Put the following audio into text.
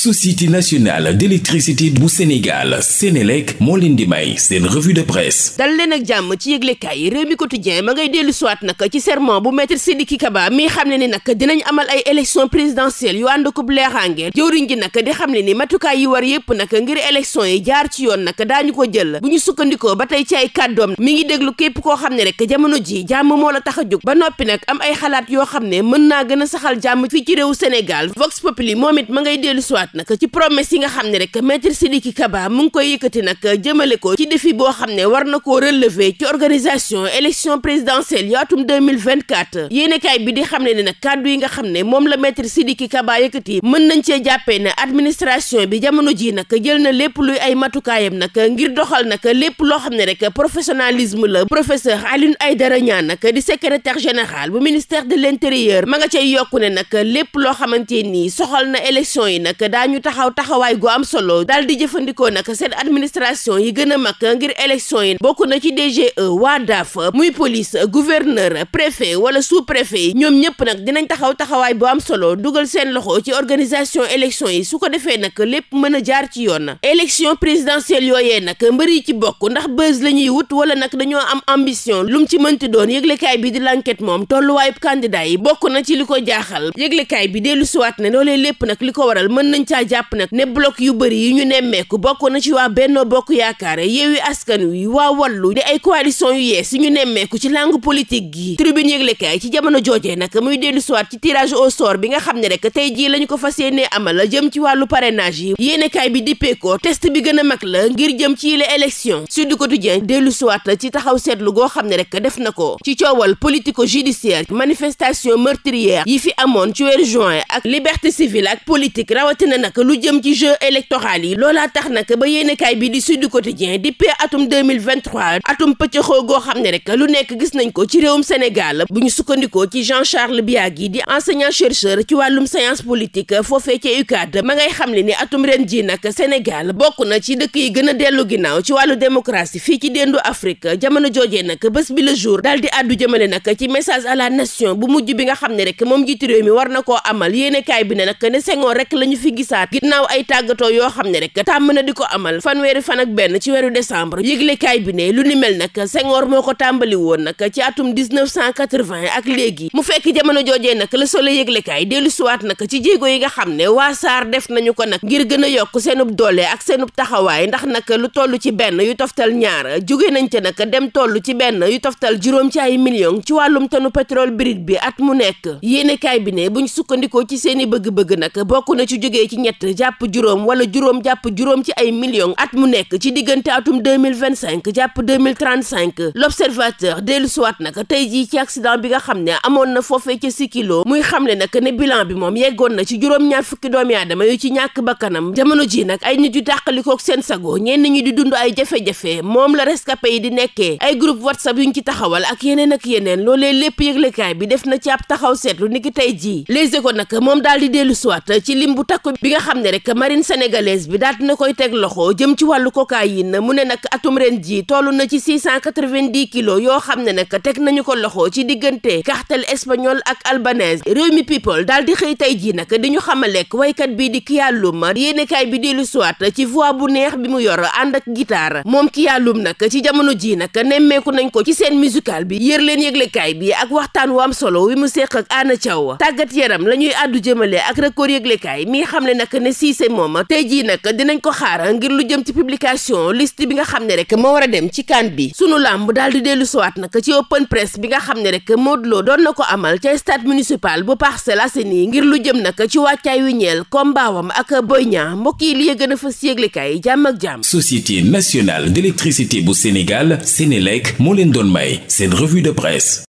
société nationale d'électricité bu Sénégal Sénélec moo leen di may seen revue de presse dal leen ak jàmm ci yëglekaay yi réew mi quotidien ma ngay dellu siwaat nag ci serment bu maître Sidiki Kaba mi xam ne ni nag dinañ amal ay élection présidentielle yu ànd ko leeraange jëwriñ ji nag di xam ne ni matukaay yi war yépp nag ngir élection yi jaar ci yoon nag daañu ko jël bu ñu sukkandikoo ba tey ci ay kàddoom mi ngi déglu képp koo xam ne rek jamono ji jàmm moo la tax a jóg ba noppi nag am ay xalaat yoo xam ne mën naa gën a saxal jàmm fii ci réewu Sénégal Vox moom it ngay dellu siwaat ñëwaat ci promesse yi nga xam ne rek maître Sidiki Kaba mu ngi koy yëkkati nag jëmale ko ci defi boo xam ne war na koo relever ci organisation élection présidentielle yu atum 2024 yéenekaay bi di xam ne ne nag kàddu yi nga xam ne moom la maître Sidiki Kaba yëkkati mën nañ cee jàppee ne administration bi jamono ji nag jël na lépp luy ay matukaayam nag ngir doxal nag lépp loo xam ne rek professionnalisme la professeur ay dara Niang nag di secrétaire général bu ministère de l'intérieur ma nga cay yokku ne nag lépp loo xamante ni soxal na élection yi nag daañu taxaw taxawaay gu am solo daal di jëfandikoo nag seen administration yi gën a mag ngir élection yi bokk na ci DGE waa DAF muy police gouverneur préfet wala sous préfet yi ñoom ñëpp nag dinañ taxaw taxawaay bu am solo dugal seen loxo ci organisation élection yi su ko defee nag lépp mën a jaar ci yoon élection présidentielle yooyee nag mbër yi ci bokk ndax buzz la ñuy wut wala nag dañoo am ambition lu mu ci mënti doon yëglekaay bi di l'enquête moom tolluwaayub candidat yi bokk na ci li ko jaaxal yëglekaay bi dellu siwaat caa jàpp nag ne bloc yu bëri yi ñu nemmeeku bokk na ci waa Benno Bokk Yaakaar Yewwi Askan Wi waa Wallu di ay coalition yu yees yu ñu nemmeeku ci langue politique gi tribune yëglekaay ci jamono joojee nag muy dellu soir ci tirage au sort bi nga xam ne rek tey jii lañu ko fas yéenee amal jëm ci wàllu parrainage yi yéenekaay bi dippeekoo test bi gën a mag la ngir jëm ci yile élection Sud Quotidien dellu soir ci taxaw seetlu goo xam ne rek def na ko ci coowal politico judiciaire manifestation meurtrière yi fi amoon ci weeru juin ak liberté civile ak politique rawatina nag lu jëm ci jeu électoral yi loolaa tax nag ba yéenekaay bi di Sud Quotidien di pe atum 2023 atum pëccëxoo goo xam ne rek lu nekk gis nañ ko ci réewum Sénégal bu ñu sukkandikoo ci Jean Charles Biagui di enseignant chercheur ci wàllum science politique foofee ca UCAD ma ngay xam le ni atum ren ji nag Sénégal bokk na ci dëkk yi gën a dellu ginnaaw ci wàllu démocratie fii ci dendu Afrique jamono joojee nag bés bi le jour daal di àddu jëmale nag ci message à la nation bu mujj bi nga xam ne rek moom jiitu mi war na koo amal yéenekaay bi ne nag ne la ñu Sarr ginnaaw ay tàggatoo yoo xam ne rek tàmm na di ko amal fanweeri fan ak benn ci weru décembre yëglekaay bi ne lu ni mel nag Senghor moo ko tàmbali woon nag ci atum 1980 ak léegi mu fekk jamono joojee nag la Soleil yëglekaay dellu siwaat nag ci jéego yi nga xam ne waa saar def nañu ko nag ngir gën a yokk seenub doole ak seenub taxawaay ndax nag lu toll ci benn yu toftal ñaara jóge nañ ca nag dem toll ci benn yu toftal juróom ci ay millions ci wàllum tanu pétrole brut bi at mu nekk yéenekaay bi ne buñ sukkandikoo ci seeni bëgg-bëgg nag bokk na ci jógee ci ñett jàpp juróom wala juróom jàpp juróom ci ay millions at mu nekk ci diggante atum deux mille vingt cinq jàpp deux mille trente cinq l' observateur dellu siwaat nag tey jii ci accident bi nga xam ne amoon na foofee ca Sikilo muy xamle nag ne bilan bi moom yeggoon na ci juróom-ñaar fukki doomi aadama yu ci ñàkk bakkanam jamono ji nag ay nit yu tàqalikook seen sago ñenn ñi di dund ay jafe-jafe moom la rescapé yi di nekkee ay groupe whatsapp yu ñu ci taxawal ak yeneen ak yeneen loolee lépp yëglekaay bi def na ci ab taxaw seetlu ni tey jii les échos nag moom daal di bi nga xam ne rek marine sénégalaise bi daal dina koy teg loxo jëm ci wàllu na mu ne nag atum ren ji toll na ci 690 kilos yoo xam ne nag teg nañu ko loxo ci diggante cartel espagnol ak albanaise réew mi people daal di xëy tey jii nag di ñu xamalek waykat bii di Kia Loum yéenekaay bi di lu soit ci voix bu neex bi mu yor ànd ak guitare moom Kia Loum nag ci jamono ji nag nemmeeku nañ ko ci seen musical bi yër leen yëglekaay bi ak waxtaan am solo wi mu seq ak Anna Thiaw tàggat yaram la ñuy àddu jëmale xamle nag ne Cissé moom tey jii nag dinañ ko xaar ngir lu jëm ci publication liste bi nga xam ne rek moo war a dem ci kan bi sunu làmb daal di dellu siwaat nag ci open press bi nga xam ne rek Modou Lo doon na ko amal ca stade municipal bu Parcelles Assainies ngir lu jëm nag ci wàccaay wi ñeel combat wam ak Boy Niang mbokk yi li gën a fës yëglekaay jàmm ak jàmm. Société nationale d'électricité bu Sénégal Sénélec moo leen doon may seen revue de presse.